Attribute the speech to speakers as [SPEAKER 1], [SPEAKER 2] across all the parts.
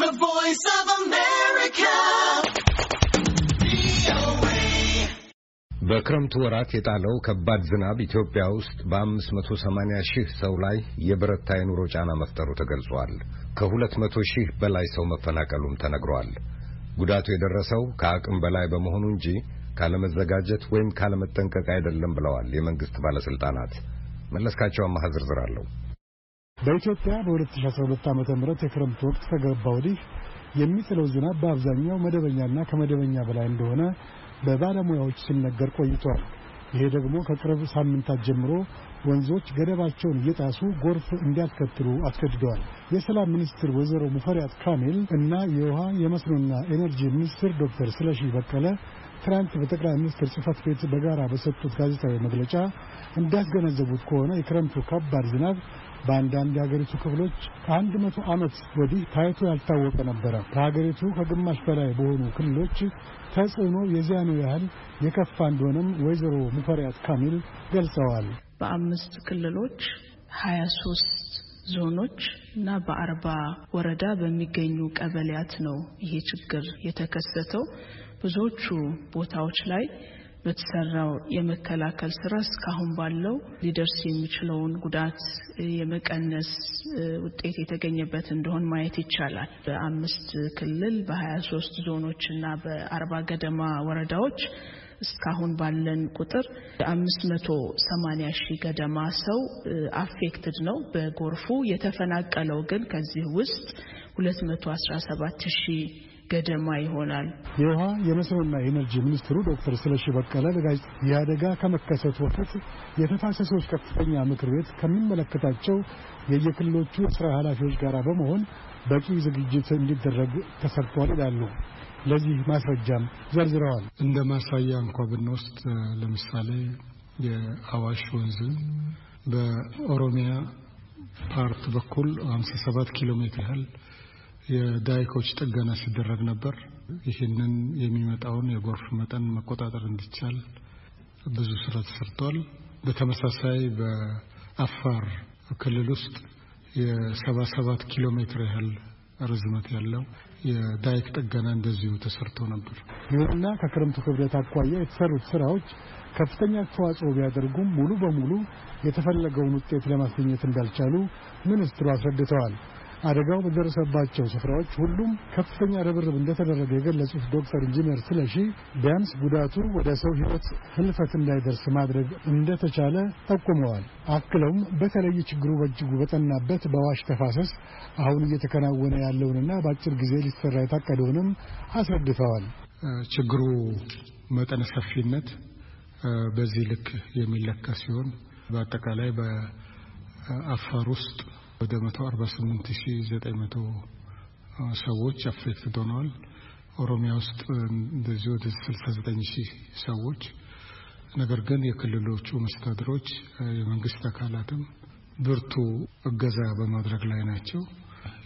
[SPEAKER 1] The Voice of America.
[SPEAKER 2] በክረምቱ ወራት የጣለው ከባድ ዝናብ ኢትዮጵያ ውስጥ በ580 ሺህ ሰው ላይ የበረታ የኑሮ ጫና መፍጠሩ ተገልጿል። ከ200 ሺህ በላይ ሰው መፈናቀሉም ተነግሯል። ጉዳቱ የደረሰው ከአቅም በላይ በመሆኑ እንጂ ካለመዘጋጀት ወይም ካለመጠንቀቅ አይደለም ብለዋል የመንግስት ባለስልጣናት። መለስካቸው አማሃ ዝርዝር አለው። በኢትዮጵያ በ2012 ዓ ም የክረምት ወቅት ከገባ ወዲህ የሚጥለው ዝናብ በአብዛኛው መደበኛና ከመደበኛ በላይ እንደሆነ በባለሙያዎች ሲነገር ቆይቷል። ይሄ ደግሞ ከቅርብ ሳምንታት ጀምሮ ወንዞች ገደባቸውን እየጣሱ ጎርፍ እንዲያስከትሉ አስገድደዋል። የሰላም ሚኒስትር ወይዘሮ ሙፈሪያት ካሚል እና የውሃ የመስኖና ኤነርጂ ሚኒስትር ዶክተር ስለሺ በቀለ ትናንት በጠቅላይ ሚኒስትር ጽህፈት ቤት በጋራ በሰጡት ጋዜጣዊ መግለጫ እንዳስገነዘቡት ከሆነ የክረምቱ ከባድ ዝናብ በአንዳንድ የሀገሪቱ ክፍሎች ከአንድ መቶ ዓመት ወዲህ ታይቶ ያልታወቀ ነበረ። ከሀገሪቱ ከግማሽ በላይ በሆኑ ክልሎች ተጽዕኖ የዚያኑ ያህል የከፋ እንደሆነም ወይዘሮ ሙፈሪያት ካሚል ገልጸዋል። በአምስት ክልሎች
[SPEAKER 1] ሀያ ሶስት ዞኖች እና በአርባ ወረዳ በሚገኙ ቀበሌያት ነው ይሄ ችግር የተከሰተው። ብዙዎቹ ቦታዎች ላይ በተሰራው የመከላከል ስራ እስካሁን ባለው ሊደርስ የሚችለውን ጉዳት የመቀነስ ውጤት የተገኘበት እንደሆን ማየት ይቻላል። በአምስት ክልል በሀያ ሶስት ዞኖች እና በአርባ ገደማ ወረዳዎች እስካሁን ባለን ቁጥር አምስት መቶ ሰማኒያ ሺህ ገደማ ሰው አፌክትድ ነው በጎርፉ። የተፈናቀለው ግን ከዚህ ውስጥ ሁለት መቶ አስራ ሰባት ሺህ ገደማ ይሆናል።
[SPEAKER 2] የውሃ የመስኖና ኤነርጂ ሚኒስትሩ ዶክተር ስለሺ በቀለ ለጋዜጣ ይህ አደጋ ከመከሰቱ በፊት የተፋሰሶች ከፍተኛ ምክር ቤት ከሚመለከታቸው የየክልሎቹ ስራ ኃላፊዎች ጋር በመሆን በቂ ዝግጅት እንዲደረግ ተሰርቷል ይላሉ። ለዚህ ማስረጃም ዘርዝረዋል። እንደ ማሳያ እንኳ ብንወስድ ለምሳሌ የአዋሽ ወንዝን በኦሮሚያ ፓርት በኩል 57 ኪሎ ሜትር ያህል የዳይኮች ጥገና ሲደረግ ነበር። ይህንን የሚመጣውን የጎርፍ መጠን መቆጣጠር እንዲቻል ብዙ ስራ ተሰርቷል። በተመሳሳይ በአፋር ክልል ውስጥ የ77 ኪሎ ሜትር ያህል ርዝመት ያለው የዳይክ ጥገና እንደዚሁ ተሰርቶ ነበር ይሁንና ከክረምቱ ክብደት አኳያ የተሰሩት ስራዎች ከፍተኛ አስተዋጽኦ ቢያደርጉም ሙሉ በሙሉ የተፈለገውን ውጤት ለማስገኘት እንዳልቻሉ ሚኒስትሩ አስረድተዋል። አደጋው በደረሰባቸው ስፍራዎች ሁሉም ከፍተኛ ርብርብ እንደተደረገ የገለጹት ዶክተር ኢንጂነር ስለሺ ቢያንስ ጉዳቱ ወደ ሰው ሕይወት ህልፈት እንዳይደርስ ማድረግ እንደተቻለ ጠቁመዋል። አክለውም በተለይ ችግሩ በእጅጉ በጠናበት በአዋሽ ተፋሰስ አሁን እየተከናወነ ያለውንና በአጭር ጊዜ ሊሰራ የታቀደውንም አስረድተዋል። ችግሩ መጠነ ሰፊነት በዚህ ልክ የሚለካ ሲሆን በአጠቃላይ በአፋር ውስጥ ወደ 148900 ሰዎች አፌክትድ ሆነዋል። ኦሮሚያ ውስጥ እንደዚህ ወደ 69000 ሰዎች ነገር ግን የክልሎቹ መስተዳድሮች የመንግስት አካላትም ብርቱ እገዛ በማድረግ ላይ ናቸው።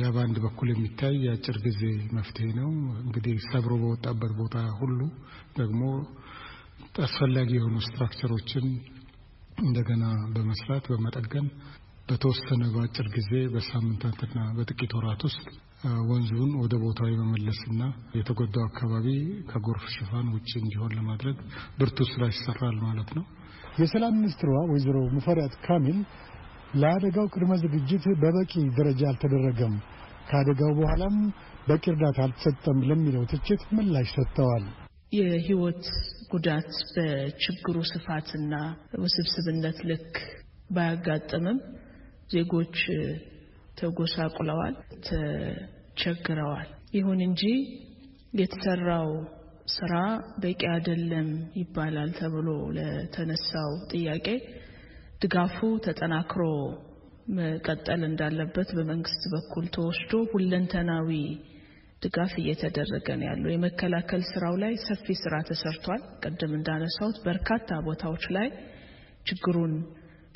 [SPEAKER 2] ያ በአንድ በኩል የሚታይ የአጭር ጊዜ መፍትሄ ነው። እንግዲህ ሰብሮ በወጣበት ቦታ ሁሉ ደግሞ አስፈላጊ የሆኑ ስትራክቸሮችን እንደገና በመስራት በመጠገን በተወሰነ በአጭር ጊዜ በሳምንታትና በጥቂት ወራት ውስጥ ወንዙን ወደ ቦታው የመመለስና የተጎዳው አካባቢ ከጎርፍ ሽፋን ውጭ እንዲሆን ለማድረግ ብርቱ ስራ ይሰራል ማለት ነው። የሰላም ሚኒስትሯ ወይዘሮ ሙፈሪያት ካሚል ለአደጋው ቅድመ ዝግጅት በበቂ ደረጃ አልተደረገም፣ ከአደጋው በኋላም በቂ እርዳታ አልተሰጠም ለሚለው ትችት ምላሽ ሰጥተዋል።
[SPEAKER 1] የህይወት ጉዳት በችግሩ ስፋትና ውስብስብነት ልክ ባያጋጥምም ዜጎች ተጎሳቁለዋል፣ ተቸግረዋል። ይሁን እንጂ የተሰራው ስራ በቂ አይደለም ይባላል ተብሎ ለተነሳው ጥያቄ ድጋፉ ተጠናክሮ መቀጠል እንዳለበት በመንግስት በኩል ተወስዶ ሁለንተናዊ ድጋፍ እየተደረገ ነው ያለው። የመከላከል ስራው ላይ ሰፊ ስራ ተሰርቷል። ቅድም እንዳነሳሁት በርካታ ቦታዎች ላይ ችግሩን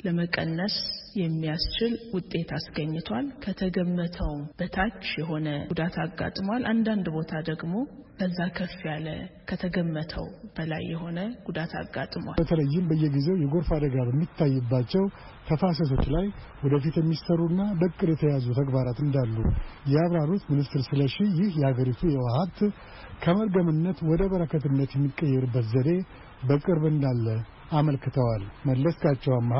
[SPEAKER 1] ለመቀነስ የሚያስችል ውጤት አስገኝቷል። ከተገመተውም በታች የሆነ ጉዳት አጋጥሟል። አንዳንድ ቦታ ደግሞ ከዛ ከፍ ያለ ከተገመተው በላይ የሆነ ጉዳት አጋጥሟል።
[SPEAKER 2] በተለይም በየጊዜው የጎርፍ አደጋ በሚታይባቸው ተፋሰሶች ላይ ወደፊት የሚሰሩና በቅድ የተያዙ ተግባራት እንዳሉ ያብራሩት ሚኒስትር ስለሺ ይህ የሀገሪቱ የውሃ ሀብት ከመርገምነት ወደ በረከትነት የሚቀየርበት ዘዴ በቅርብ እንዳለ አመልክተዋል። መለስካቸው አመሃ